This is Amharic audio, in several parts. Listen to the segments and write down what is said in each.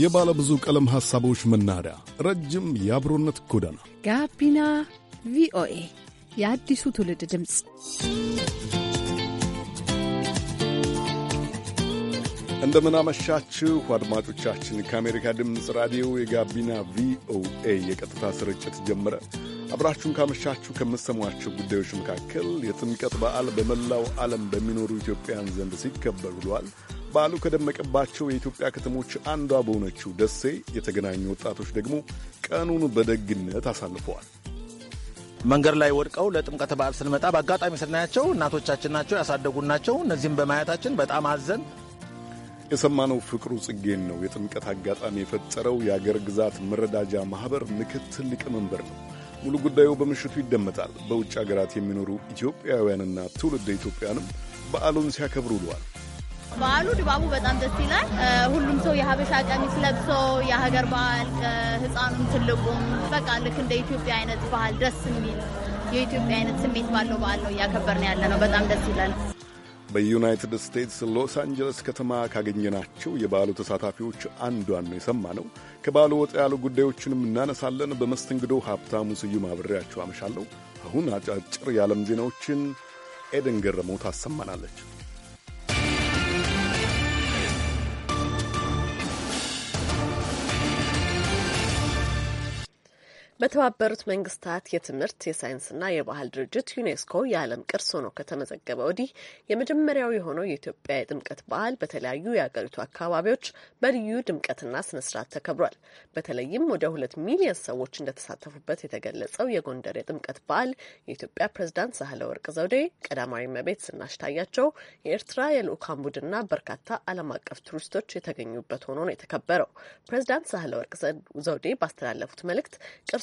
የባለ ብዙ ቀለም ሐሳቦች መናኸሪያ፣ ረጅም የአብሮነት ጎዳና ጋቢና ቪኦኤ የአዲሱ ትውልድ ድምፅ። እንደምናመሻችሁ አድማጮቻችን፣ ከአሜሪካ ድምፅ ራዲዮ የጋቢና ቪኦኤ የቀጥታ ስርጭት ጀመረ። አብራችሁን ካመሻችሁ ከምትሰሟቸው ጉዳዮች መካከል የጥምቀት በዓል በመላው ዓለም በሚኖሩ ኢትዮጵያውያን ዘንድ ሲከበር ውሏል። በዓሉ ከደመቀባቸው የኢትዮጵያ ከተሞች አንዷ በሆነችው ደሴ የተገናኙ ወጣቶች ደግሞ ቀኑን በደግነት አሳልፈዋል። መንገድ ላይ ወድቀው ለጥምቀት በዓል ስንመጣ በአጋጣሚ ስናያቸው እናቶቻችን ናቸው፣ ያሳደጉን ናቸው። እነዚህም በማየታችን በጣም አዘን። የሰማነው ፍቅሩ ጽጌን ነው። የጥምቀት አጋጣሚ የፈጠረው የአገር ግዛት መረዳጃ ማኅበር ምክትል ሊቀመንበር ነው። ሙሉ ጉዳዩ በምሽቱ ይደመጣል። በውጭ አገራት የሚኖሩ ኢትዮጵያውያንና ትውልደ ኢትዮጵያንም በዓሉን ሲያከብሩ ውለዋል። በዓሉ ድባቡ በጣም ደስ ይላል። ሁሉም ሰው የሀበሻ ቀሚስ ለብሶ የሀገር በዓል ህፃኑም ትልቁም በቃ ልክ እንደ ኢትዮጵያ አይነት ባህል ደስ የሚል የኢትዮጵያ አይነት ስሜት ባለው በዓል ነው እያከበርን ያለ ነው። በጣም ደስ ይላል። በዩናይትድ ስቴትስ ሎስ አንጀለስ ከተማ ካገኘናቸው የበዓሉ ተሳታፊዎች አንዷን ነው ከባሉ ከበዓሉ ወጣ ያሉ ጉዳዮችንም እናነሳለን። በመስተንግዶ ሀብታሙ ስዩም አብሬያቸው አመሻለሁ። አሁን አጫጭር የዓለም ዜናዎችን ኤደን ገረመው ታሰማናለች። በተባበሩት መንግስታት የትምህርት የሳይንስና የባህል ድርጅት ዩኔስኮ የዓለም ቅርስ ሆኖ ከተመዘገበ ወዲህ የመጀመሪያው የሆነው የኢትዮጵያ የጥምቀት በዓል በተለያዩ የአገሪቱ አካባቢዎች በልዩ ድምቀትና ስነስርዓት ተከብሯል። በተለይም ወደ ሁለት ሚሊዮን ሰዎች እንደተሳተፉበት የተገለጸው የጎንደር የጥምቀት በዓል የኢትዮጵያ ፕሬዝዳንት ሳህለወርቅ ዘውዴ፣ ቀዳማዊ እመቤት ዝናሽ ታያቸው፣ የኤርትራ የልዑካን ቡድንና በርካታ ዓለም አቀፍ ቱሪስቶች የተገኙበት ሆኖ ነው የተከበረው። ፕሬዝዳንት ሳህለወርቅ ዘውዴ ባስተላለፉት መልእክት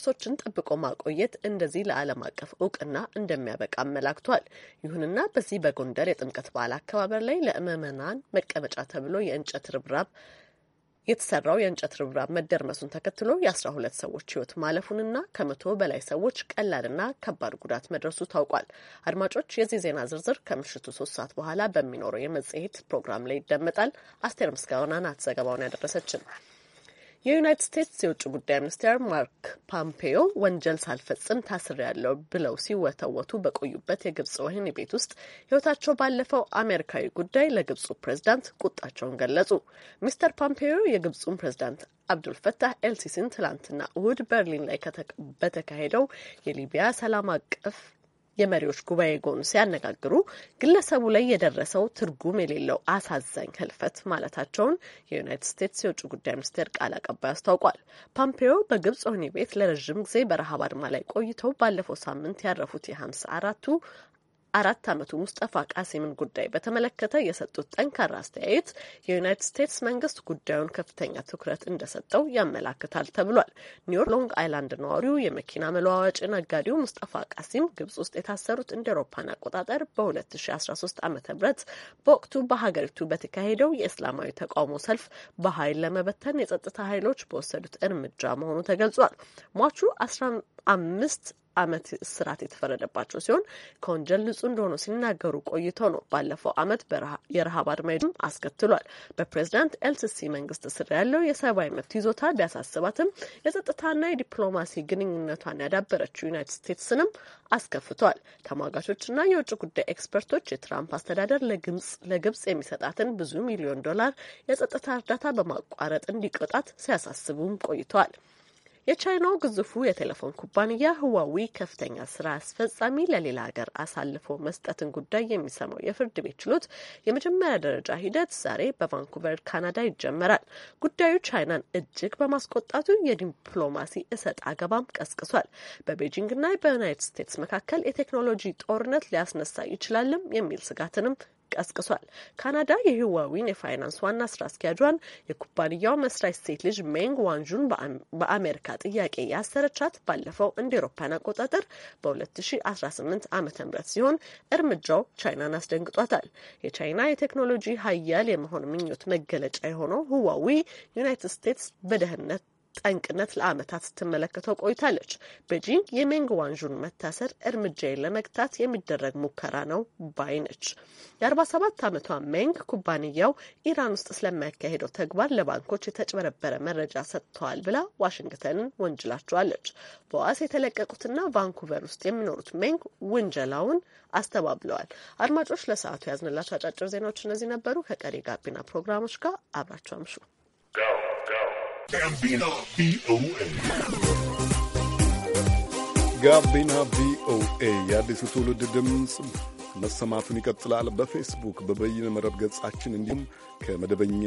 ቅርሶችን ጠብቆ ማቆየት እንደዚህ ለዓለም አቀፍ እውቅና እንደሚያበቃ አመላክቷል። ይሁንና በዚህ በጎንደር የጥምቀት በዓል አከባበር ላይ ለምዕመናን መቀመጫ ተብሎ የእንጨት ርብራብ የተሰራው የእንጨት ርብራብ መደርመሱን ተከትሎ የአስራ ሁለት ሰዎች ህይወት ማለፉንና ከመቶ በላይ ሰዎች ቀላልና ከባድ ጉዳት መድረሱ ታውቋል። አድማጮች፣ የዚህ ዜና ዝርዝር ከምሽቱ ሶስት ሰዓት በኋላ በሚኖረው የመጽሔት ፕሮግራም ላይ ይደመጣል። አስቴር ምስጋና ናት ዘገባውን ያደረሰችን። የዩናይትድ ስቴትስ የውጭ ጉዳይ ሚኒስትር ማርክ ፖምፔዮ ወንጀል ሳልፈጽም ታስሬያለሁ ብለው ሲወተወቱ በቆዩበት የግብጽ ወህኒ ቤት ውስጥ ሕይወታቸው ባለፈው አሜሪካዊ ጉዳይ ለግብጹ ፕሬዝዳንት ቁጣቸውን ገለጹ። ሚስተር ፖምፔዮ የግብጹን ፕሬዝዳንት አብዱልፈታህ ኤልሲሲን ትላንትና እሁድ በርሊን ላይ በተካሄደው የሊቢያ ሰላም አቀፍ የመሪዎች ጉባኤ ጎን ሲያነጋግሩ ግለሰቡ ላይ የደረሰው ትርጉም የሌለው አሳዛኝ ህልፈት ማለታቸውን የዩናይትድ ስቴትስ የውጭ ጉዳይ ሚኒስቴር ቃል አቀባይ አስታውቋል። ፓምፔዮ በግብጽ ወህኒ ቤት ለረዥም ጊዜ በረሃብ አድማ ላይ ቆይተው ባለፈው ሳምንት ያረፉት የሃምሳ አራቱ አራት ዓመቱ ሙስጠፋ ቃሲምን ጉዳይ በተመለከተ የሰጡት ጠንካራ አስተያየት የዩናይትድ ስቴትስ መንግስት ጉዳዩን ከፍተኛ ትኩረት እንደሰጠው ያመላክታል ተብሏል። ኒውዮርክ ሎንግ አይላንድ ነዋሪው የመኪና መለዋወጭ ነጋዴው ሙስጠፋ ቃሲም ግብጽ ውስጥ የታሰሩት እንደ አውሮፓን አቆጣጠር በ2013 ዓ ም በወቅቱ በሀገሪቱ በተካሄደው የእስላማዊ ተቃውሞ ሰልፍ በኃይል ለመበተን የጸጥታ ኃይሎች በወሰዱት እርምጃ መሆኑ ተገልጿል። ሟቹ አስራ አምስት ዓመት እስራት የተፈረደባቸው ሲሆን ከወንጀል ንጹህ እንደሆኑ ሲናገሩ ቆይተው ነው ባለፈው ዓመት የረሃብ አድማጅም አስከትሏል። በፕሬዚዳንት ኤልሲሲ መንግስት ስር ያለው የሰብአዊ መብት ይዞታ ቢያሳስባትም የጸጥታና የዲፕሎማሲ ግንኙነቷን ያዳበረችው ዩናይትድ ስቴትስንም አስከፍቷል። ተሟጋቾችና የውጭ ጉዳይ ኤክስፐርቶች የትራምፕ አስተዳደር ለግብጽ የሚሰጣትን ብዙ ሚሊዮን ዶላር የጸጥታ እርዳታ በማቋረጥ እንዲቆጣት ሲያሳስቡም ቆይተዋል። የቻይናው ግዙፉ የቴሌፎን ኩባንያ ህዋዊ ከፍተኛ ስራ አስፈጻሚ ለሌላ ሀገር አሳልፎ መስጠትን ጉዳይ የሚሰማው የፍርድ ቤት ችሎት የመጀመሪያ ደረጃ ሂደት ዛሬ በቫንኩቨር ካናዳ ይጀመራል። ጉዳዩ ቻይናን እጅግ በማስቆጣቱ የዲፕሎማሲ እሰጥ አገባም ቀስቅሷል። በቤጂንግና በዩናይትድ ስቴትስ መካከል የቴክኖሎጂ ጦርነት ሊያስነሳ ይችላልም የሚል ስጋትንም ቀስቅሷል። ካናዳ የህዋዊን የፋይናንስ ዋና ስራ አስኪያጇን የኩባንያው መስራች ሴት ልጅ ሜንግ ዋንጁን በአሜሪካ ጥያቄ ያሰረቻት ባለፈው እንደ ኤሮፓን አቆጣጠር በ2018 ዓ ም ሲሆን እርምጃው ቻይናን አስደንግጧታል። የቻይና የቴክኖሎጂ ሀያል የመሆን ምኞት መገለጫ የሆነው ህዋዊ ዩናይትድ ስቴትስ በደህንነት ጠንቅነት ለአመታት ስትመለከተው ቆይታለች። ቤጂንግ የሜንግ ዋንዡን መታሰር እርምጃዬን ለመግታት የሚደረግ ሙከራ ነው ባይ ነች። የ47 ዓመቷ ሜንግ ኩባንያው ኢራን ውስጥ ስለሚያካሄደው ተግባር ለባንኮች የተጭበረበረ መረጃ ሰጥተዋል ብላ ዋሽንግተንን ወንጅላቸዋለች። በዋስ የተለቀቁትና ቫንኩቨር ውስጥ የሚኖሩት ሜንግ ውንጀላውን አስተባብለዋል። አድማጮች ለሰዓቱ ያዝንላቸው አጫጭር ዜናዎች እነዚህ ነበሩ። ከቀሪ ጋቢና ፕሮግራሞች ጋር አብራቸው አምሹ። ጋቢና ቪኦኤ ጋቢና ቪኦኤ የአዲሱ ትውልድ ድምፅ መሰማቱን ይቀጥላል። በፌስቡክ በበይነ መረብ ገጻችን እንዲሁም ከመደበኛ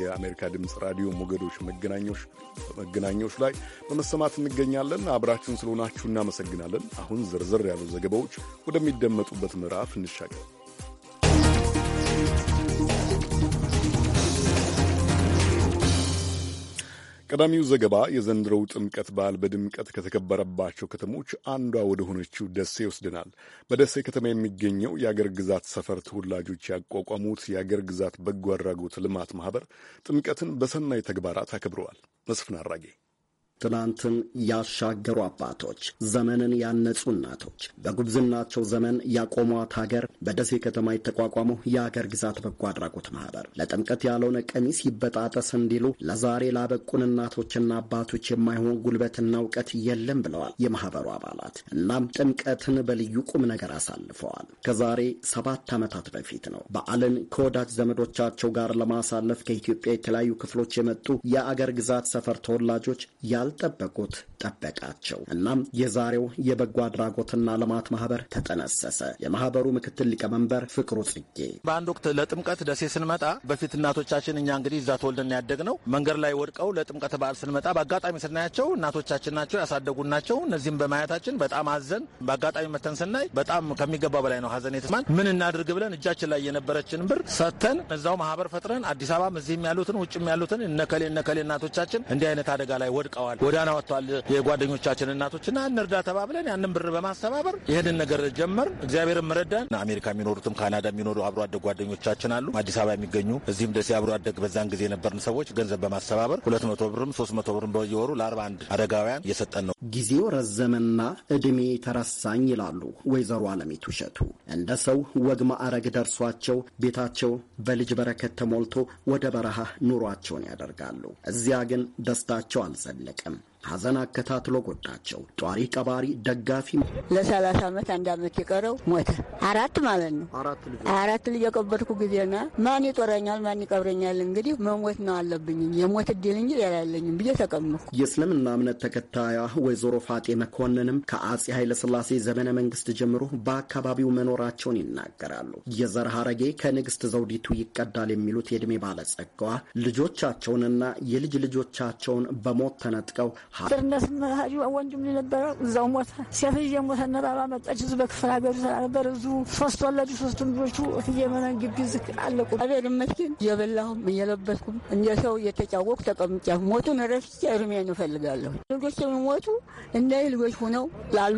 የአሜሪካ ድምፅ ራዲዮ ሞገዶች መገናኛዎች ላይ በመሰማት እንገኛለን። አብራችሁን ስለሆናችሁ እናመሰግናለን። አሁን ዝርዝር ያሉ ዘገባዎች ወደሚደመጡበት ምዕራፍ እንሻገር። ቀዳሚው ዘገባ የዘንድሮው ጥምቀት በዓል በድምቀት ከተከበረባቸው ከተሞች አንዷ ወደ ሆነችው ደሴ ይወስደናል። በደሴ ከተማ የሚገኘው የአገር ግዛት ሰፈር ተወላጆች ያቋቋሙት የአገር ግዛት በጎ አድራጎት ልማት ማህበር ጥምቀትን በሰናይ ተግባራት አክብረዋል። መስፍን አራጌ ትናንትን ያሻገሩ አባቶች፣ ዘመንን ያነጹ እናቶች፣ በጉብዝናቸው ዘመን ያቆሟት ሀገር በደሴ ከተማ የተቋቋመው የአገር ግዛት በጎ አድራጎት ማህበር ለጥምቀት ያልሆነ ቀሚስ ይበጣጠስ እንዲሉ ለዛሬ ላበቁን እናቶችና አባቶች የማይሆን ጉልበትና እውቀት የለም ብለዋል የማህበሩ አባላት። እናም ጥምቀትን በልዩ ቁም ነገር አሳልፈዋል። ከዛሬ ሰባት ዓመታት በፊት ነው በዓልን ከወዳጅ ዘመዶቻቸው ጋር ለማሳለፍ ከኢትዮጵያ የተለያዩ ክፍሎች የመጡ የአገር ግዛት ሰፈር ተወላጆች ያ ያልጠበቁት ጠበቃቸው። እናም የዛሬው የበጎ አድራጎትና ልማት ማህበር ተጠነሰሰ። የማህበሩ ምክትል ሊቀመንበር ፍቅሩ ጽጌ በአንድ ወቅት ለጥምቀት ደሴ ስንመጣ በፊት እናቶቻችን እኛ እንግዲህ እዛ ተወልደን ያደግ ነው መንገድ ላይ ወድቀው ለጥምቀት በዓል ስንመጣ በአጋጣሚ ስናያቸው እናቶቻችን ናቸው ያሳደጉን ናቸው። እነዚህም በማየታችን በጣም አዘን በአጋጣሚ መተን ስናይ በጣም ከሚገባ በላይ ነው ሀዘን የተሰማን። ምን እናድርግ ብለን እጃችን ላይ የነበረችን ብር ሰተን እዛው ማህበር ፈጥረን አዲስ አበባም እዚህም ያሉትን ውጭም ያሉትን እነከሌ እነከሌ እናቶቻችን እንዲህ አይነት አደጋ ላይ ወድቀዋል ወጥተዋል፣ ጎዳና ወጥተዋል የጓደኞቻችን እናቶችና እንርዳ ተባብለን ያንን ብር በማስተባበር ይህንን ነገር ጀመር። እግዚአብሔርም ረዳን። አሜሪካ የሚኖሩትም ካናዳ የሚኖሩ አብሮ አደግ ጓደኞቻችን አሉ፣ አዲስ አበባ የሚገኙ እዚህም ደሴ አብሮ አደግ በዛን ጊዜ የነበርን ሰዎች ገንዘብ በማስተባበር ሁለት መቶ ብርም ሶስት መቶ ብርም በየወሩ ለአርባ አንድ አረጋውያን እየሰጠን ነው። ጊዜው ረዘመና እድሜ ተረሳኝ ይላሉ ወይዘሮ አለሚቱ እሸቱ። እንደ ሰው ወግ ማዕረግ ደርሷቸው ቤታቸው በልጅ በረከት ተሞልቶ ወደ በረሃ ኑሯቸውን ያደርጋሉ። እዚያ ግን ደስታቸው አልዘለቀ ሀዘን አከታትሎ ጎዳቸው። ጧሪ ቀባሪ ደጋፊ ለሰላሳ ዓመት አንድ ዓመት የቀረው ሞተ። አራት ማለት ነው። አራት ልጅ የቀበርኩ ጊዜና ማን ይጦረኛል ማን ይቀብረኛል? እንግዲህ መሞት ነው አለብኝ የሞት እድል እንጂ ያላለኝም ብዬ ተቀመኩ። የእስልምና እምነት ተከታያ ወይዘሮ ፋጤ መኮንንም ከአጼ ኃይለስላሴ ዘመነ መንግስት ጀምሮ በአካባቢው መኖራቸውን ይናገራሉ። የዘር ከንግስት ዘውዲቱ ይቀዳል የሚሉት የእድሜ ባለጸጋዋ ልጆቻቸውንና የልጅ ልጆቻቸውን በሞት ተነጥቀው ፍርነስም ወንድም ነበረ እዛው ሞተ። ሴትዬ ሞተ። ነባባ መጣች። እዚሁ በክፍለ ሀገሩ ሶስት ወለዱ። ልጆቹ ግቢ ዝክ አለቁ። አቤል መስኪን እየበላሁም እየለበስኩም እንደ ሰው ተቀምጫ ሞቱን ረስቼ ልጆች የሚሞቱ እንደ ልጆች ላሉ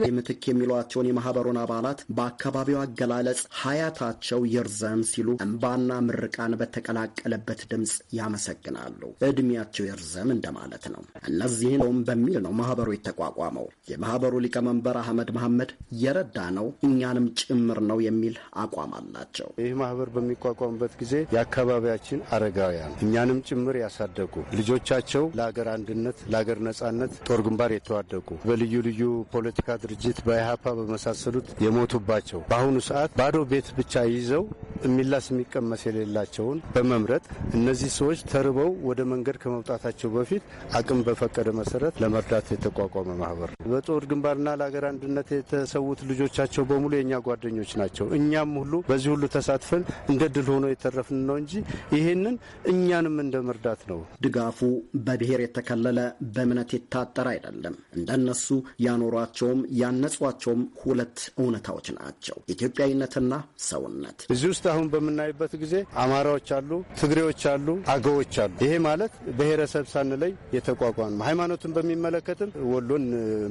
የሚሏቸውን የማህበሩን አባላት በአካባቢው አገላለጽ ሀያታቸው ይርዘም ሲሉ እምባና ምርቃን በተቀላቀለበት ድምፅ ያመሰግናሉ። እድሜያቸው ይርዘም እንደማለት ነው። እነዚህም በሚል ነው ማህበሩ የተቋቋመው። የማህበሩ ሊቀመንበር አህመድ መሐመድ የረዳ ነው እኛንም ጭምር ነው የሚል አቋም አላቸው። ይህ ማህበር በሚቋቋምበት ጊዜ የአካባቢያችን አረጋውያን እኛንም ጭምር ያሳደጉ ልጆቻቸው ለአገር አንድነት፣ ለአገር ነጻነት ጦር ግንባር የተዋደቁ በልዩ ልዩ ፖለቲካ ድርጅት በኢህአፓ በመሳሰሉት የሞቱባቸው በአሁኑ ሰዓት ባዶ ቤት ብቻ ይዘው የሚላስ የሚቀመስ የሌላቸውን በመምረጥ እነዚህ ሰዎች ተርበው ወደ መንገድ ከመውጣታቸው በፊት አቅም በፈቀደ መሰረት ለመርዳት የተቋቋመ ማህበር በጦር ግንባርና ለሀገር አንድነት የተሰዉት ልጆቻቸው በሙሉ የእኛ ጓደኞች ናቸው። እኛም ሁሉ በዚህ ሁሉ ተሳትፈን እንደ ድል ሆኖ የተረፍን ነው እንጂ ይህንን እኛንም እንደ መርዳት ነው። ድጋፉ በብሔር የተከለለ በእምነት የታጠረ አይደለም። እንደነሱ ያኖሯቸውም ያነጿቸውም ሁለት እውነታዎች ናቸው፣ ኢትዮጵያዊነትና ሰውነት። እዚህ ውስጥ አሁን በምናይበት ጊዜ አማራዎች አሉ፣ ትግሬዎች አሉ፣ አገዎች አሉ። ይሄ ማለት ብሔረሰብ ሳንለይ የተቋቋመ ሃይማኖትን በሚመለከትም ወሎን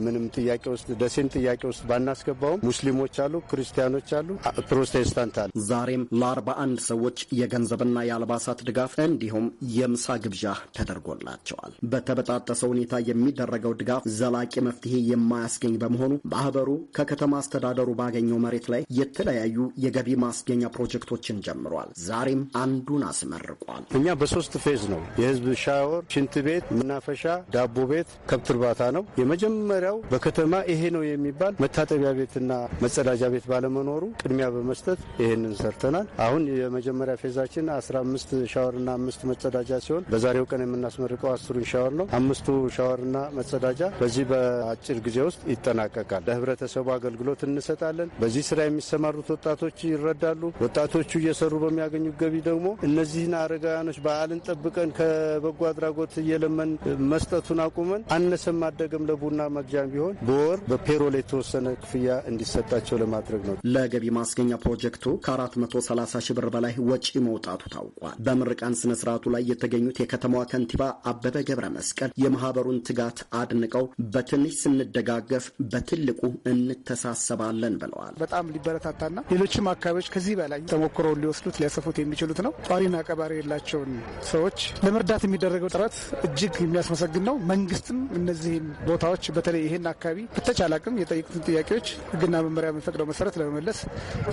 ምንም ጥያቄ ውስጥ ደሴን ጥያቄ ውስጥ ባናስገባውም ሙስሊሞች አሉ፣ ክርስቲያኖች አሉ፣ ፕሮቴስታንት አሉ። ዛሬም ለአርባ አንድ ሰዎች የገንዘብና የአልባሳት ድጋፍ እንዲሁም የምሳ ግብዣ ተደርጎላቸዋል። በተበጣጠሰ ሁኔታ የሚደረገው ድጋፍ ዘላቂ መፍትሄ የማያስገኝ በመሆኑ ማህበሩ ከከተማ አስተዳደሩ ባገኘው መሬት ላይ የተለያዩ የገቢ ማስገኛ ፕሮጀክቶችን ጀምሯል። ዛሬም አንዱን አስመርቋል። እኛ በሶስት ፌዝ ነው የህዝብ ሻወር፣ ሽንት ቤት፣ መናፈሻ፣ ዳቦ ቤት ከብት እርባታ ነው። የመጀመሪያው በከተማ ይሄ ነው የሚባል መታጠቢያ ቤትና መጸዳጃ ቤት ባለመኖሩ ቅድሚያ በመስጠት ይህንን ሰርተናል። አሁን የመጀመሪያ ፌዛችን አስራ አምስት ሻወርና አምስት መጸዳጃ ሲሆን በዛሬው ቀን የምናስመርቀው አስሩን ሻወር ነው። አምስቱ ሻወርና መጸዳጃ በዚህ በአጭር ጊዜ ውስጥ ይጠናቀቃል። ለህብረተሰቡ አገልግሎት እንሰጣለን። በዚህ ስራ የሚሰማሩት ወጣቶች ይረዳሉ። ወጣቶቹ እየሰሩ በሚያገኙ ገቢ ደግሞ እነዚህን አረጋውያኖች በዓልን ጠብቀን ከበጎ አድራጎት እየለመን መስጠቱን አቁመን አነሰም ማደግም ለቡና መግዣም ቢሆን በወር በፔሮል የተወሰነ ክፍያ እንዲሰጣቸው ለማድረግ ነው። ለገቢ ማስገኛ ፕሮጀክቱ ከ430 ሺ ብር በላይ ወጪ መውጣቱ ታውቋል። በምርቃን ስነ ስርዓቱ ላይ የተገኙት የከተማዋ ከንቲባ አበበ ገብረ መስቀል የማህበሩን ትጋት አድንቀው በትንሽ ስንደጋገፍ በትልቁ እንተሳሰባለን ብለዋል። በጣም ሊበረታታና ሌሎችም አካባቢዎች ከዚህ በላይ ተሞክሮውን ሊወስዱት ሊያሰፉት የሚችሉት ነው። ጧሪና ቀባሪ የላቸውን ሰዎች ለመርዳት የሚደረገው ጥረት እጅግ የሚያስመሰግን ነው። መንግስት መንግስትም እነዚህን ቦታዎች በተለይ ይህን አካባቢ በተቻለ አቅም የጠየቁትን ጥያቄዎች ህግና መመሪያ በሚፈቅደው መሰረት ለመመለስ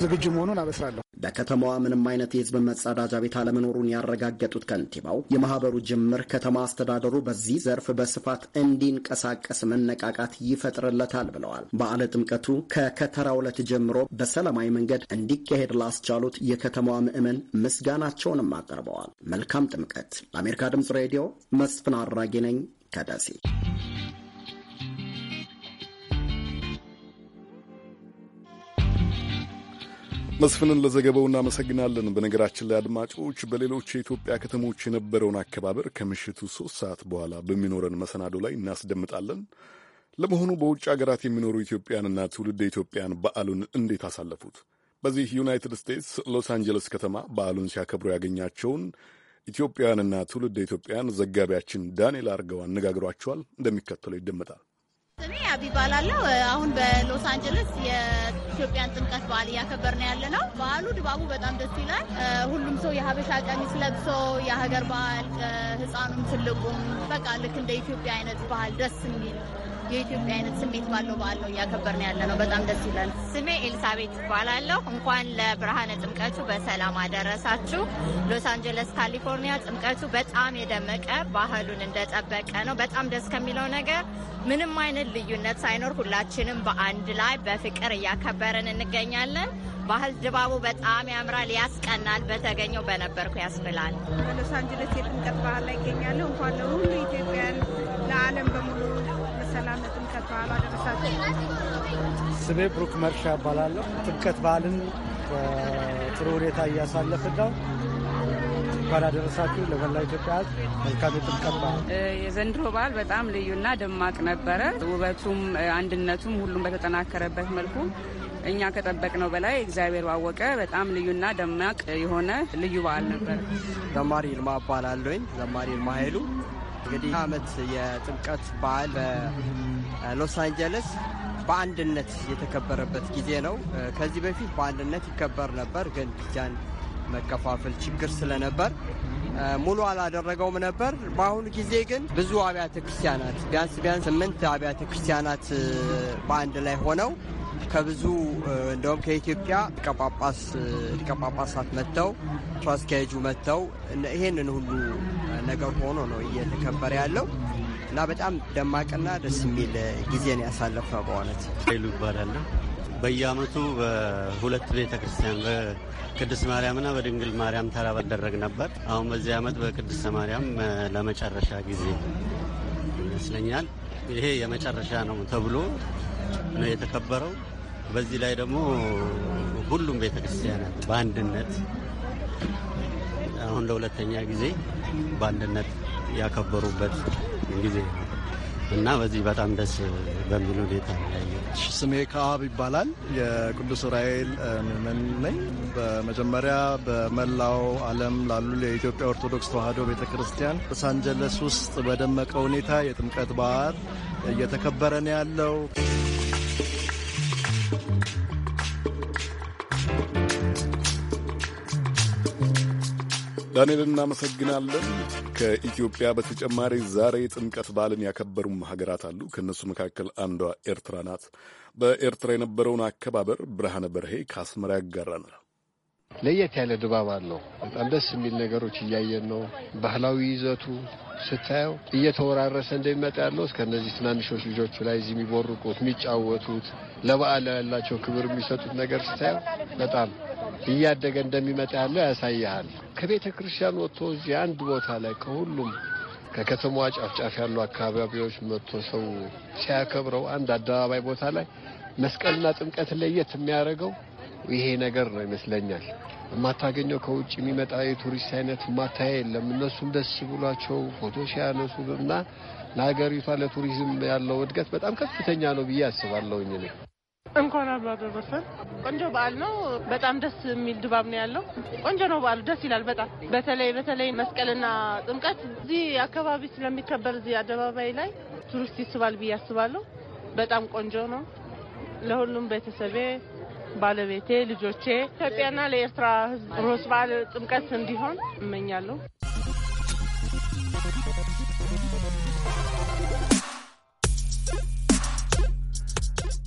ዝግጁ መሆኑን አበስራለሁ። በከተማዋ ምንም አይነት የህዝብ መጸዳጃ ቤት አለመኖሩን ያረጋገጡት ከንቲባው የማህበሩ ጅምር ከተማ አስተዳደሩ በዚህ ዘርፍ በስፋት እንዲንቀሳቀስ መነቃቃት ይፈጥርለታል ብለዋል። በዓለ ጥምቀቱ ከከተራ ዕለት ጀምሮ በሰላማዊ መንገድ እንዲካሄድ ላስቻሉት የከተማዋ ምዕመን ምስጋናቸውንም አቅርበዋል። መልካም ጥምቀት። ለአሜሪካ ድምጽ ሬዲዮ መስፍን አራጌ ነኝ ከደሴ መስፍንን ለዘገባው እናመሰግናለን። በነገራችን ላይ አድማጮች በሌሎች የኢትዮጵያ ከተሞች የነበረውን አከባበር ከምሽቱ ሶስት ሰዓት በኋላ በሚኖረን መሰናዶ ላይ እናስደምጣለን። ለመሆኑ በውጭ ሀገራት የሚኖሩ ኢትዮጵያንና ትውልድ ኢትዮጵያን በዓሉን እንዴት አሳለፉት? በዚህ ዩናይትድ ስቴትስ ሎስ አንጀለስ ከተማ በዓሉን ሲያከብሩ ያገኛቸውን ኢትዮጵያውያንና ትውልድ ኢትዮጵያውያን ዘጋቢያችን ዳንኤል አርገው አነጋግሯቸዋል። እንደሚከተለው ይደመጣል። ስሜ አቢ ባላለው አሁን በሎስ አንጀለስ የኢትዮጵያን ጥምቀት በዓል እያከበርን ያለ ነው። በዓሉ ድባቡ በጣም ደስ ይላል። ሁሉም ሰው የሀበሻ ቀሚስ ለብሶ የሀገር በዓል ህፃኑም ትልቁም በቃ ልክ እንደ ኢትዮጵያ አይነት ባህል ደስ የሚል የኢትዮጵያ አይነት ስሜት ባለው በዓል ነው እያከበርን ያለ ነው። በጣም ደስ ይላል። ስሜ ኤልሳቤት ይባላለሁ። እንኳን ለብርሃነ ጥምቀቱ በሰላም አደረሳችሁ። ሎስ አንጀለስ ካሊፎርኒያ፣ ጥምቀቱ በጣም የደመቀ ባህሉን እንደጠበቀ ነው። በጣም ደስ ከሚለው ነገር ምንም አይነት ልዩነት ሳይኖር ሁላችንም በአንድ ላይ በፍቅር እያከበረን እንገኛለን። ባህል ድባቡ በጣም ያምራል፣ ያስቀናል። በተገኘው በነበርኩ ያስብላል። በሎስ አንጀለስ የጥምቀት ባህል ላይ ይገኛለሁ። እንኳን ለሁሉ ኢትዮጵያን ለዓለም በሙሉ በሰላም ለጥምቀት በዓሉ አደረሳችሁ። ስሜ ብሩክ መርሻ እባላለሁ። ጥምቀት በዓልን በጥሩ ሁኔታ እያሳለፍን ነው። እንኳን አደረሳችሁ። ለመላ ኢትዮጵያ መልካም የጥምቀት በዓል። የዘንድሮ በዓል በጣም ልዩና ደማቅ ነበረ። ውበቱም አንድነቱም ሁሉም በተጠናከረበት መልኩ እኛ ከጠበቅነው በላይ እግዚአብሔር ባወቀ በጣም ልዩና ደማቅ የሆነ ልዩ በዓል ነበር። ዘማሪ ይልማ እባላለሁኝ። ዘማሪ ይልማ ኃይሉ እንግዲህ ዓመት የጥምቀት በዓል በሎስ አንጀለስ በአንድነት የተከበረበት ጊዜ ነው። ከዚህ በፊት በአንድነት ይከበር ነበር፣ ግን ጃን መከፋፈል ችግር ስለነበር ሙሉ አላደረገውም ነበር። በአሁኑ ጊዜ ግን ብዙ አብያተ ክርስቲያናት ቢያንስ ቢያንስ ስምንት አብያተ ክርስቲያናት በአንድ ላይ ሆነው ከብዙ እንደውም ከኢትዮጵያ ሊቀ ጳጳሳት መጥተው ስራ አስኪያጁ መጥተው ይሄንን ሁሉ ነገር ሆኖ ነው እየተከበረ ያለው እና በጣም ደማቅና ደስ የሚል ያሳለፍ ነው በእውነት ይሉ ይባላለሁ። በየአመቱ በሁለት ቤተ ክርስቲያን በቅድስት ማርያምና በድንግል ማርያም ተራ በደረግ ነበር። አሁን በዚህ አመት በቅድስት ማርያም ለመጨረሻ ጊዜ ይመስለኛል ይሄ የመጨረሻ ነው ተብሎ ነው የተከበረው። በዚህ ላይ ደግሞ ሁሉም ቤተክርስቲያናት በአንድነት አሁን ለሁለተኛ ጊዜ በአንድነት ያከበሩበት ጊዜ ነው እና በዚህ በጣም ደስ በሚል ሁኔታ ያየ። ስሜ ከአብ ይባላል። የቅዱስ ራኤል ምዕመን ነኝ። በመጀመሪያ በመላው ዓለም ላሉ የኢትዮጵያ ኦርቶዶክስ ተዋሕዶ ቤተ ክርስቲያን ሎስ አንጀለስ ውስጥ በደመቀ ሁኔታ የጥምቀት በዓል እየተከበረ ነው ያለው። ዳንኤል እናመሰግናለን። ከኢትዮጵያ በተጨማሪ ዛሬ ጥምቀት በዓልን ያከበሩም ሀገራት አሉ። ከእነሱ መካከል አንዷ ኤርትራ ናት። በኤርትራ የነበረውን አከባበር ብርሃነ በርሄ ከአስመራ ያጋራናል። ለየት ያለ ድባብ አለው። በጣም ደስ የሚል ነገሮች እያየን ነው። ባህላዊ ይዘቱ ስታየው እየተወራረሰ እንደሚመጣ ያለው እስከ እነዚህ ትናንሾች ልጆቹ ላይ እዚህ የሚቦርቁት የሚጫወቱት፣ ለበዓል ያላቸው ክብር የሚሰጡት ነገር ስታየው በጣም እያደገ እንደሚመጣ ያለው ያሳይሃል። ከቤተ ክርስቲያን ወጥቶ እዚህ አንድ ቦታ ላይ ከሁሉም ከከተማዋ ጫፍጫፍ ያሉ አካባቢዎች መጥቶ ሰው ሲያከብረው አንድ አደባባይ ቦታ ላይ መስቀልና ጥምቀት ለየት የሚያደርገው ይሄ ነገር ነው ይመስለኛል። የማታገኘው ከውጭ የሚመጣ የቱሪስት አይነት ማታየ የለም። እነሱም ደስ ብሏቸው ፎቶ ሲያነሱ እና ለሀገሪቷ ለቱሪዝም ያለው እድገት በጣም ከፍተኛ ነው ብዬ አስባለሁኝ እኔ። እንኳን አብሮ አደረሰን። ቆንጆ በዓል ነው። በጣም ደስ የሚል ድባብ ነው ያለው። ቆንጆ ነው በዓሉ፣ ደስ ይላል በጣም በተለይ በተለይ መስቀልና ጥምቀት እዚህ አካባቢ ስለሚከበር እዚህ አደባባይ ላይ ቱሪስት ይስባል ብዬ አስባለሁ። በጣም ቆንጆ ነው። ለሁሉም ቤተሰቤ ባለቤቴ፣ ልጆቼ ኢትዮጵያና ለኤርትራ ሕዝብ ሮስ በዓል ጥምቀት እንዲሆን እመኛለሁ።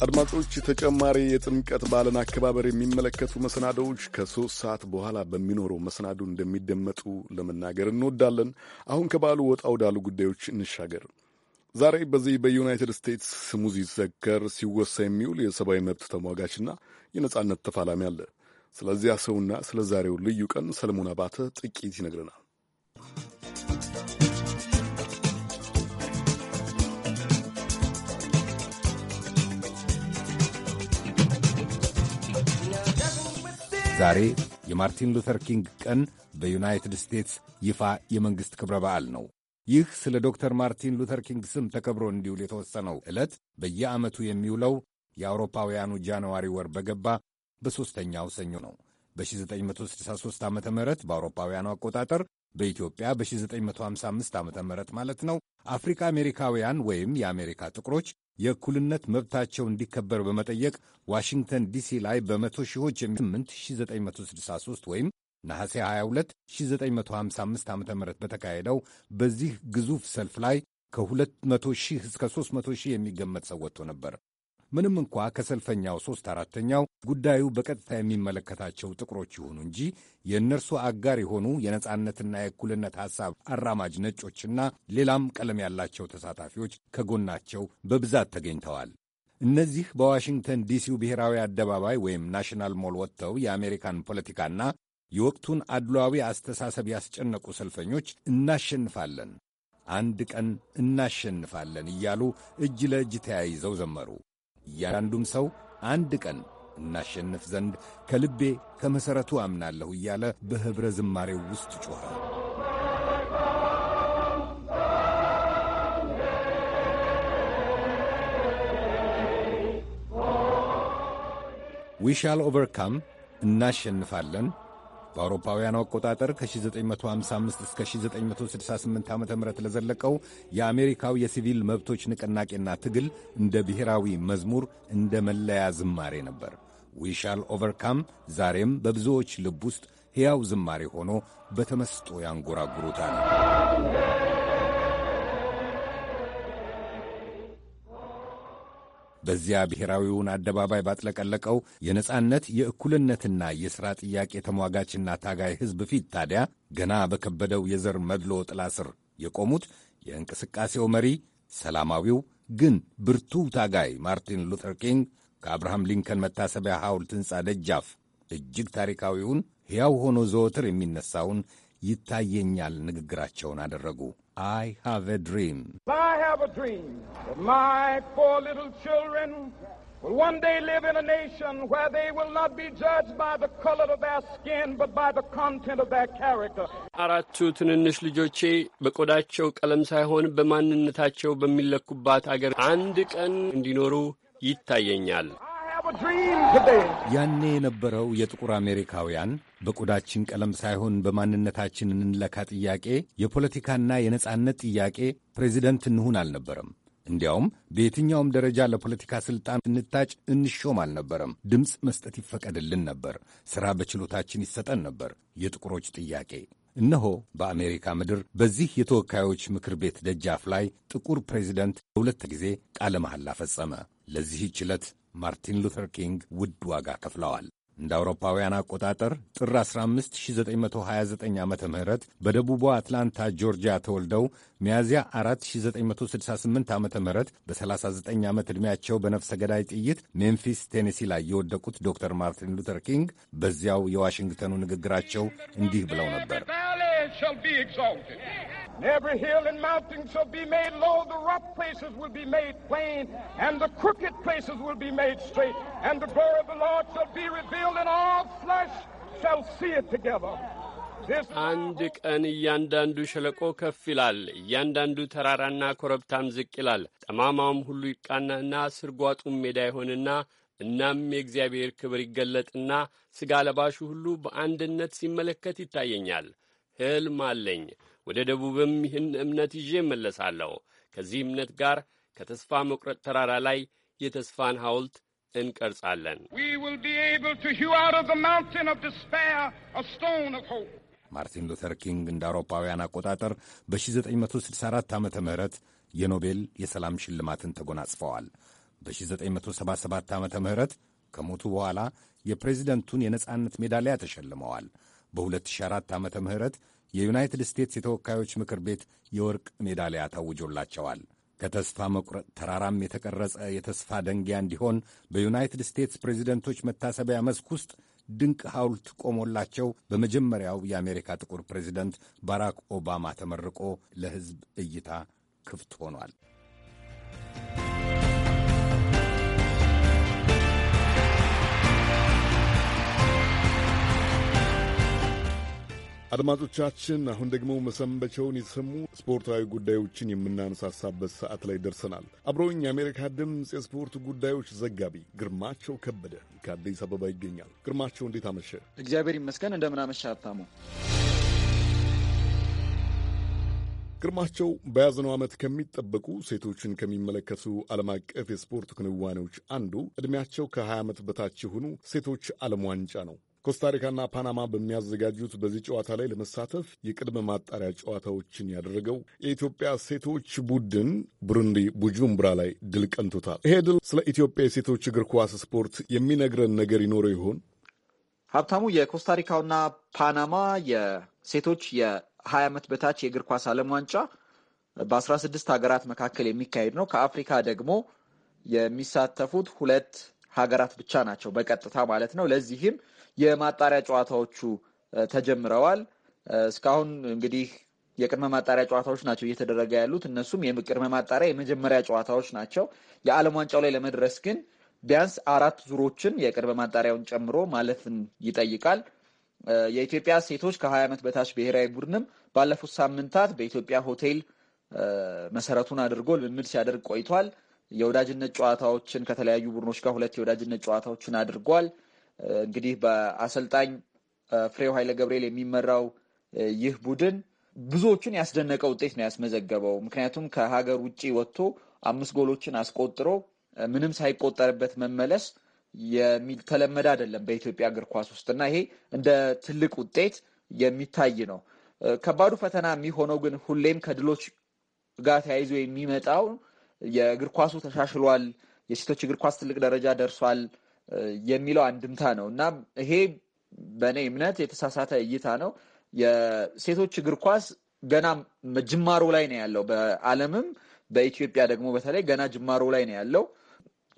አድማጮች ተጨማሪ የጥምቀት በዓልን አከባበር የሚመለከቱ መሰናዶዎች ከሶስት ሰዓት በኋላ በሚኖረው መሰናዶ እንደሚደመጡ ለመናገር እንወዳለን። አሁን ከበዓሉ ወጣ ወዳሉ ጉዳዮች እንሻገር። ዛሬ በዚህ በዩናይትድ ስቴትስ ስሙ ሲዘከር ሲወሳ የሚውል የሰብአዊ መብት ተሟጋችና የነጻነት ተፋላሚ አለ። ስለዚያ ሰውና ስለ ዛሬው ልዩ ቀን ሰለሞን አባተ ጥቂት ይነግረናል። ዛሬ የማርቲን ሉተር ኪንግ ቀን በዩናይትድ ስቴትስ ይፋ የመንግሥት ክብረ በዓል ነው። ይህ ስለ ዶክተር ማርቲን ሉተር ኪንግ ስም ተከብሮ እንዲውል የተወሰነው ዕለት በየዓመቱ የሚውለው የአውሮፓውያኑ ጃንዋሪ ወር በገባ በሦስተኛው ሰኞ ነው። በ1963 ዓ ም በአውሮፓውያኑ አቆጣጠር በኢትዮጵያ በ1955 ዓ ም ማለት ነው። አፍሪካ አሜሪካውያን ወይም የአሜሪካ ጥቁሮች የእኩልነት መብታቸው እንዲከበር በመጠየቅ ዋሽንግተን ዲሲ ላይ በመቶ ሺዎች 8963 ወይም ነሐሴ 22 1955 ዓ ም በተካሄደው በዚህ ግዙፍ ሰልፍ ላይ ከ200 ሺህ እስከ 300 ሺህ የሚገመት ሰው ወጥቶ ነበር። ምንም እንኳ ከሰልፈኛው ሦስት አራተኛው ጉዳዩ በቀጥታ የሚመለከታቸው ጥቁሮች ይሁኑ እንጂ የእነርሱ አጋር የሆኑ የነጻነትና የእኩልነት ሐሳብ አራማጅ ነጮችና ሌላም ቀለም ያላቸው ተሳታፊዎች ከጎናቸው በብዛት ተገኝተዋል። እነዚህ በዋሽንግተን ዲሲው ብሔራዊ አደባባይ ወይም ናሽናል ሞል ወጥተው የአሜሪካን ፖለቲካና የወቅቱን አድሏዊ አስተሳሰብ ያስጨነቁ ሰልፈኞች እናሸንፋለን፣ አንድ ቀን እናሸንፋለን እያሉ እጅ ለእጅ ተያይዘው ዘመሩ። እያንዳንዱም ሰው አንድ ቀን እናሸንፍ ዘንድ ከልቤ ከመሠረቱ አምናለሁ እያለ በኅብረ ዝማሬው ውስጥ ጮኸ። ዊሻል ኦቨርካም እናሸንፋለን በአውሮፓውያኑ አቆጣጠር ከ1955 እስከ 1968 ዓ ም ለዘለቀው የአሜሪካው የሲቪል መብቶች ንቅናቄና ትግል እንደ ብሔራዊ መዝሙር እንደ መለያ ዝማሬ ነበር። ዊሻል ኦቨርካም ዛሬም በብዙዎች ልብ ውስጥ ሕያው ዝማሬ ሆኖ በተመስጦ ያንጎራጉሩታል። በዚያ ብሔራዊውን አደባባይ ባጥለቀለቀው የነጻነት የእኩልነትና የሥራ ጥያቄ ተሟጋችና ታጋይ ሕዝብ ፊት ታዲያ ገና በከበደው የዘር መድሎ ጥላ ስር የቆሙት የእንቅስቃሴው መሪ ሰላማዊው ግን ብርቱ ታጋይ ማርቲን ሉተር ኪንግ ከአብርሃም ሊንከን መታሰቢያ ሐውልት ሕንፃ ደጃፍ እጅግ ታሪካዊውን ሕያው ሆኖ ዘወትር የሚነሳውን ይታየኛል ንግግራቸውን አደረጉ። አይ ሃቭ ኤ ድሪም አራቱ ትንንሽ ልጆቼ በቆዳቸው ቀለም ሳይሆን በማንነታቸው በሚለኩባት አገር አንድ ቀን እንዲኖሩ ይታየኛል። ያኔ የነበረው የጥቁር አሜሪካውያን በቆዳችን ቀለም ሳይሆን በማንነታችን እንለካ ጥያቄ የፖለቲካና የነጻነት ጥያቄ ፕሬዚደንት እንሁን አልነበረም። እንዲያውም በየትኛውም ደረጃ ለፖለቲካ ሥልጣን እንታጭ እንሾም አልነበረም። ድምፅ መስጠት ይፈቀድልን ነበር። ሥራ በችሎታችን ይሰጠን ነበር። የጥቁሮች ጥያቄ እነሆ በአሜሪካ ምድር በዚህ የተወካዮች ምክር ቤት ደጃፍ ላይ ጥቁር ፕሬዚደንት ለሁለት ጊዜ ቃለ መሐላ ፈጸመ። ለዚህች ዕለት ማርቲን ሉተር ኪንግ ውድ ዋጋ ከፍለዋል። እንደ አውሮፓውያን አቆጣጠር ጥር 15 1929 ዓ ም በደቡቧ አትላንታ ጆርጂያ ተወልደው ሚያዝያ 4 1968 ዓ ም በ39 ዓመት ዕድሜያቸው በነፍሰ ገዳይ ጥይት ሜምፊስ ቴኔሲ ላይ የወደቁት ዶክተር ማርቲን ሉተር ኪንግ በዚያው የዋሽንግተኑ ንግግራቸው እንዲህ ብለው ነበር And every hill and mountain shall be made low, the rough places will be made plain, and the crooked places will be made straight, and the glory of the Lord shall be revealed, and all flesh shall see it together. አንድ ቀን እያንዳንዱ ሸለቆ ከፍ ይላል፣ እያንዳንዱ ተራራና ኮረብታም ዝቅ ይላል። ጠማማውም ሁሉ ይቃናና ስርጓጡም ሜዳ ይሆንና እናም የእግዚአብሔር ክብር ይገለጥና ሥጋ ለባሹ ሁሉ በአንድነት ሲመለከት ይታየኛል። ሕልም አለኝ። ወደ ደቡብም ይህን እምነት ይዤ እመለሳለሁ። ከዚህ እምነት ጋር ከተስፋ መቁረጥ ተራራ ላይ የተስፋን ሐውልት እንቀርጻለን። ማርቲን ሉተር ኪንግ እንደ አውሮፓውያን አቆጣጠር በ1964 ዓ ም የኖቤል የሰላም ሽልማትን ተጎናጽፈዋል። በ1977 ዓ ም ከሞቱ በኋላ የፕሬዚደንቱን የነጻነት ሜዳሊያ ተሸልመዋል። በ2004 ዓ ም የዩናይትድ ስቴትስ የተወካዮች ምክር ቤት የወርቅ ሜዳሊያ ታውጆላቸዋል። ከተስፋ መቁረጥ ተራራም የተቀረጸ የተስፋ ደንጊያ እንዲሆን በዩናይትድ ስቴትስ ፕሬዚደንቶች መታሰቢያ መስክ ውስጥ ድንቅ ሐውልት ቆሞላቸው በመጀመሪያው የአሜሪካ ጥቁር ፕሬዚደንት ባራክ ኦባማ ተመርቆ ለሕዝብ እይታ ክፍት ሆኗል። አድማጮቻችን አሁን ደግሞ መሰንበቻውን የተሰሙ ስፖርታዊ ጉዳዮችን የምናነሳሳበት ሰዓት ላይ ደርሰናል። አብረውኝ የአሜሪካ ድምፅ የስፖርት ጉዳዮች ዘጋቢ ግርማቸው ከበደ ከአዲስ አበባ ይገኛል። ግርማቸው እንዴት አመሸ? እግዚአብሔር ይመስገን። እንደምን አመሸ አታሙ ግርማቸው በያዝነው ዓመት ከሚጠበቁ ሴቶችን ከሚመለከቱ ዓለም አቀፍ የስፖርት ክንዋኔዎች አንዱ ዕድሜያቸው ከ20 ዓመት በታች የሆኑ ሴቶች ዓለም ዋንጫ ነው። ኮስታሪካና ፓናማ በሚያዘጋጁት በዚህ ጨዋታ ላይ ለመሳተፍ የቅድመ ማጣሪያ ጨዋታዎችን ያደረገው የኢትዮጵያ ሴቶች ቡድን ቡሩንዲ ቡጁምብራ ላይ ድል ቀንቶታል። ይሄ ድል ስለ ኢትዮጵያ የሴቶች እግር ኳስ ስፖርት የሚነግረን ነገር ይኖረው ይሆን? ሀብታሙ፣ የኮስታሪካውና ፓናማ የሴቶች የ ዓመት በታች የእግር ኳስ ዓለም ዋንጫ በ16 ሀገራት መካከል የሚካሄድ ነው። ከአፍሪካ ደግሞ የሚሳተፉት ሁለት ሀገራት ብቻ ናቸው በቀጥታ ማለት ነው። ለዚህም የማጣሪያ ጨዋታዎቹ ተጀምረዋል። እስካሁን እንግዲህ የቅድመ ማጣሪያ ጨዋታዎች ናቸው እየተደረገ ያሉት። እነሱም የቅድመ ማጣሪያ የመጀመሪያ ጨዋታዎች ናቸው። የዓለም ዋንጫው ላይ ለመድረስ ግን ቢያንስ አራት ዙሮችን የቅድመ ማጣሪያውን ጨምሮ ማለፍን ይጠይቃል። የኢትዮጵያ ሴቶች ከ20 ዓመት በታች ብሔራዊ ቡድንም ባለፉት ሳምንታት በኢትዮጵያ ሆቴል መሰረቱን አድርጎ ልምምድ ሲያደርግ ቆይቷል። የወዳጅነት ጨዋታዎችን ከተለያዩ ቡድኖች ጋር ሁለት የወዳጅነት ጨዋታዎችን አድርጓል። እንግዲህ በአሰልጣኝ ፍሬው ኃይለ ገብርኤል የሚመራው ይህ ቡድን ብዙዎቹን ያስደነቀ ውጤት ነው ያስመዘገበው። ምክንያቱም ከሀገር ውጭ ወጥቶ አምስት ጎሎችን አስቆጥሮ ምንም ሳይቆጠርበት መመለስ የሚተለመደ አይደለም በኢትዮጵያ እግር ኳስ ውስጥ እና ይሄ እንደ ትልቅ ውጤት የሚታይ ነው። ከባዱ ፈተና የሚሆነው ግን ሁሌም ከድሎች ጋር ተያይዞ የሚመጣው የእግር ኳሱ ተሻሽሏል፣ የሴቶች እግር ኳስ ትልቅ ደረጃ ደርሷል የሚለው አንድምታ ነው እና ይሄ በእኔ እምነት የተሳሳተ እይታ ነው። የሴቶች እግር ኳስ ገና ጅማሮ ላይ ነው ያለው። በዓለምም በኢትዮጵያ ደግሞ በተለይ ገና ጅማሮ ላይ ነው ያለው።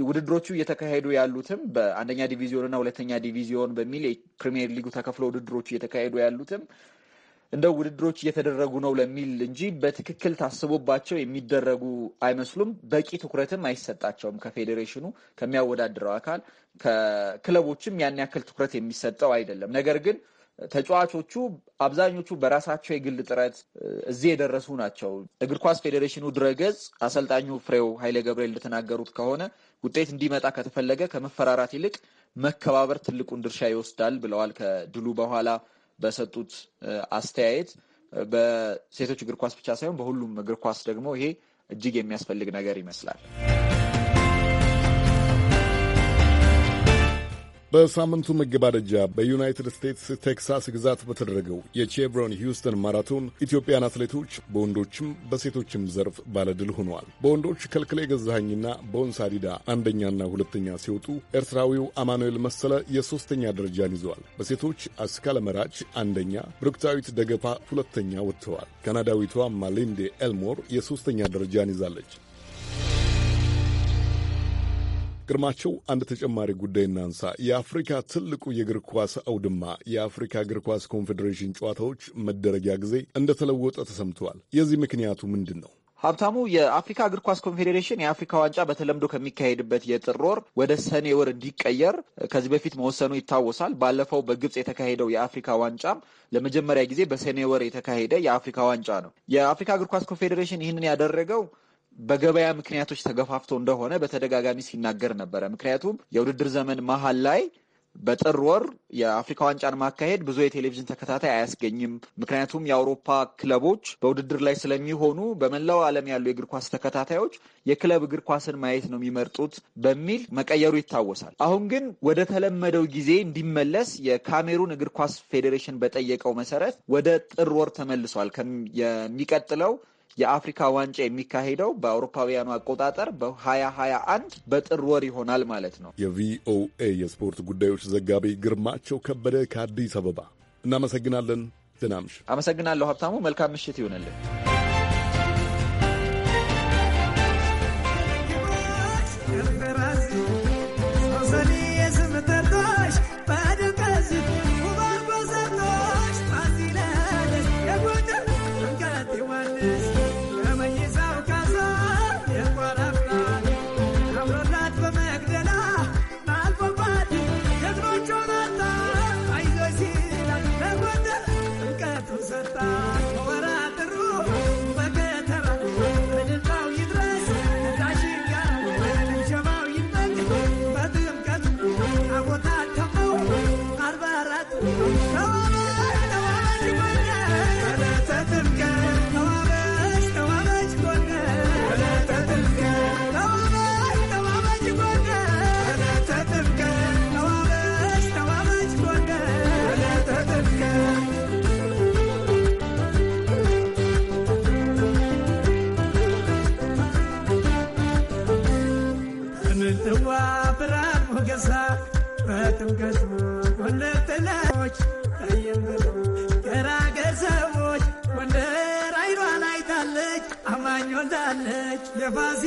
ውድድሮቹ እየተካሄዱ ያሉትም በአንደኛ ዲቪዚዮን እና ሁለተኛ ዲቪዚዮን በሚል የፕሪሚየር ሊጉ ተከፍሎ ውድድሮቹ እየተካሄዱ ያሉትም እንደ ውድድሮች እየተደረጉ ነው ለሚል እንጂ በትክክል ታስቦባቸው የሚደረጉ አይመስሉም። በቂ ትኩረትም አይሰጣቸውም ከፌዴሬሽኑ ከሚያወዳድረው አካል ከክለቦችም ያን ያክል ትኩረት የሚሰጠው አይደለም። ነገር ግን ተጫዋቾቹ አብዛኞቹ በራሳቸው የግል ጥረት እዚህ የደረሱ ናቸው። እግር ኳስ ፌዴሬሽኑ ድረገጽ አሰልጣኙ ፍሬው ኃይለ ገብርኤል እንደተናገሩት ከሆነ ውጤት እንዲመጣ ከተፈለገ ከመፈራራት ይልቅ መከባበር ትልቁን ድርሻ ይወስዳል ብለዋል። ከድሉ በኋላ በሰጡት አስተያየት በሴቶች እግር ኳስ ብቻ ሳይሆን በሁሉም እግር ኳስ ደግሞ ይሄ እጅግ የሚያስፈልግ ነገር ይመስላል። በሳምንቱ መገባደጃ በዩናይትድ ስቴትስ ቴክሳስ ግዛት በተደረገው የቼቭሮን ሂውስተን ማራቶን ኢትዮጵያን አትሌቶች በወንዶችም በሴቶችም ዘርፍ ባለድል ሆነዋል። በወንዶች ከልክሌ ገዛኸኝና በወንሳዲዳ አንደኛና ሁለተኛ ሲወጡ፣ ኤርትራዊው አማኑኤል መሰለ የሦስተኛ ደረጃን ይዘዋል። በሴቶች አስካለ መራጭ አንደኛ፣ ብሩክታዊት ደገፋ ሁለተኛ ወጥተዋል። ካናዳዊቷ ማሊንዴ ኤልሞር የሦስተኛ ደረጃን ይዛለች። ግርማቸው፣ አንድ ተጨማሪ ጉዳይ እናንሳ። የአፍሪካ ትልቁ የእግር ኳስ አውድማ የአፍሪካ እግር ኳስ ኮንፌዴሬሽን ጨዋታዎች መደረጊያ ጊዜ እንደተለወጠ ተሰምተዋል። የዚህ ምክንያቱ ምንድን ነው? ሀብታሙ የአፍሪካ እግር ኳስ ኮንፌዴሬሽን የአፍሪካ ዋንጫ በተለምዶ ከሚካሄድበት የጥር ወር ወደ ሰኔ ወር እንዲቀየር ከዚህ በፊት መወሰኑ ይታወሳል። ባለፈው በግብፅ የተካሄደው የአፍሪካ ዋንጫም ለመጀመሪያ ጊዜ በሰኔ ወር የተካሄደ የአፍሪካ ዋንጫ ነው። የአፍሪካ እግር ኳስ ኮንፌዴሬሽን ይህንን ያደረገው በገበያ ምክንያቶች ተገፋፍቶ እንደሆነ በተደጋጋሚ ሲናገር ነበረ። ምክንያቱም የውድድር ዘመን መሀል ላይ በጥር ወር የአፍሪካ ዋንጫን ማካሄድ ብዙ የቴሌቪዥን ተከታታይ አያስገኝም። ምክንያቱም የአውሮፓ ክለቦች በውድድር ላይ ስለሚሆኑ በመላው ዓለም ያሉ የእግር ኳስ ተከታታዮች የክለብ እግር ኳስን ማየት ነው የሚመርጡት በሚል መቀየሩ ይታወሳል። አሁን ግን ወደ ተለመደው ጊዜ እንዲመለስ የካሜሩን እግር ኳስ ፌዴሬሽን በጠየቀው መሰረት ወደ ጥር ወር ተመልሷል። የሚቀጥለው የአፍሪካ ዋንጫ የሚካሄደው በአውሮፓውያኑ አቆጣጠር በ2021 በጥር ወር ይሆናል ማለት ነው። የቪኦኤ የስፖርት ጉዳዮች ዘጋቢ ግርማቸው ከበደ ከአዲስ አበባ እናመሰግናለን። ልናምሽ አመሰግናለሁ ሀብታሙ። መልካም ምሽት ይሆነልን።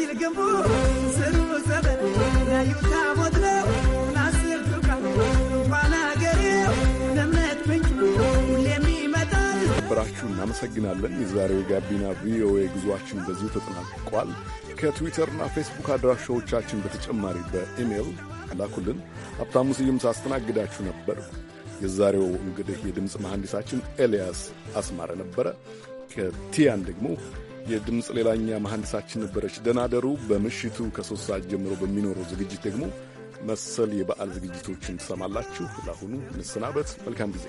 ሲል ግንቡ ስሩ ነው ናስር እንኳን አገሬው ለእምነት ምንጭ ሁሌም ይመጣል። እናመሰግናለን። የዛሬው ጋቢና ቪኦኤ ጉዞአችን በዚሁ ተጠናቋል። ከትዊተርና ፌስቡክ አድራሻዎቻችን በተጨማሪ በኢሜይል ላኩልን። ሀብታሙ ስዩም ሳስተናግዳችሁ ነበር። የዛሬው እንግዲህ የድምፅ መሐንዲሳችን ኤልያስ አስማረ ነበረ። ከቲያን ደግሞ የድምፅ ሌላኛ መሐንዲሳችን ነበረች። ደናደሩ በምሽቱ ከሶስት ሰዓት ጀምሮ በሚኖረው ዝግጅት ደግሞ መሰል የበዓል ዝግጅቶችን ትሰማላችሁ። ለአሁኑ እንሰናበት። መልካም ጊዜ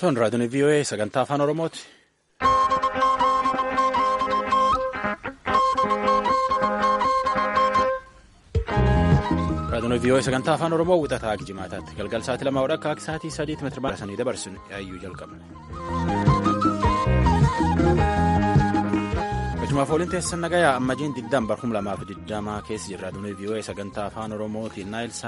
Toon raadiyoon VOA sagantaa afaan Oromooti. Raadiyoon VOA sagantaa afaan Oromoo wixataa jimaataatti galgal sa'aatii lama hodha akka sa'aatii sadiitti meetira baala sanii dabarsuun yaayyuu e jalqabna. Gachumaaf ooliin teessan nagayaa amma jiin digdaan barhum lamaa fi digdamaa keessa jira. Raadiyoon VOA sagantaa afaan Oromootiin naayilsaa.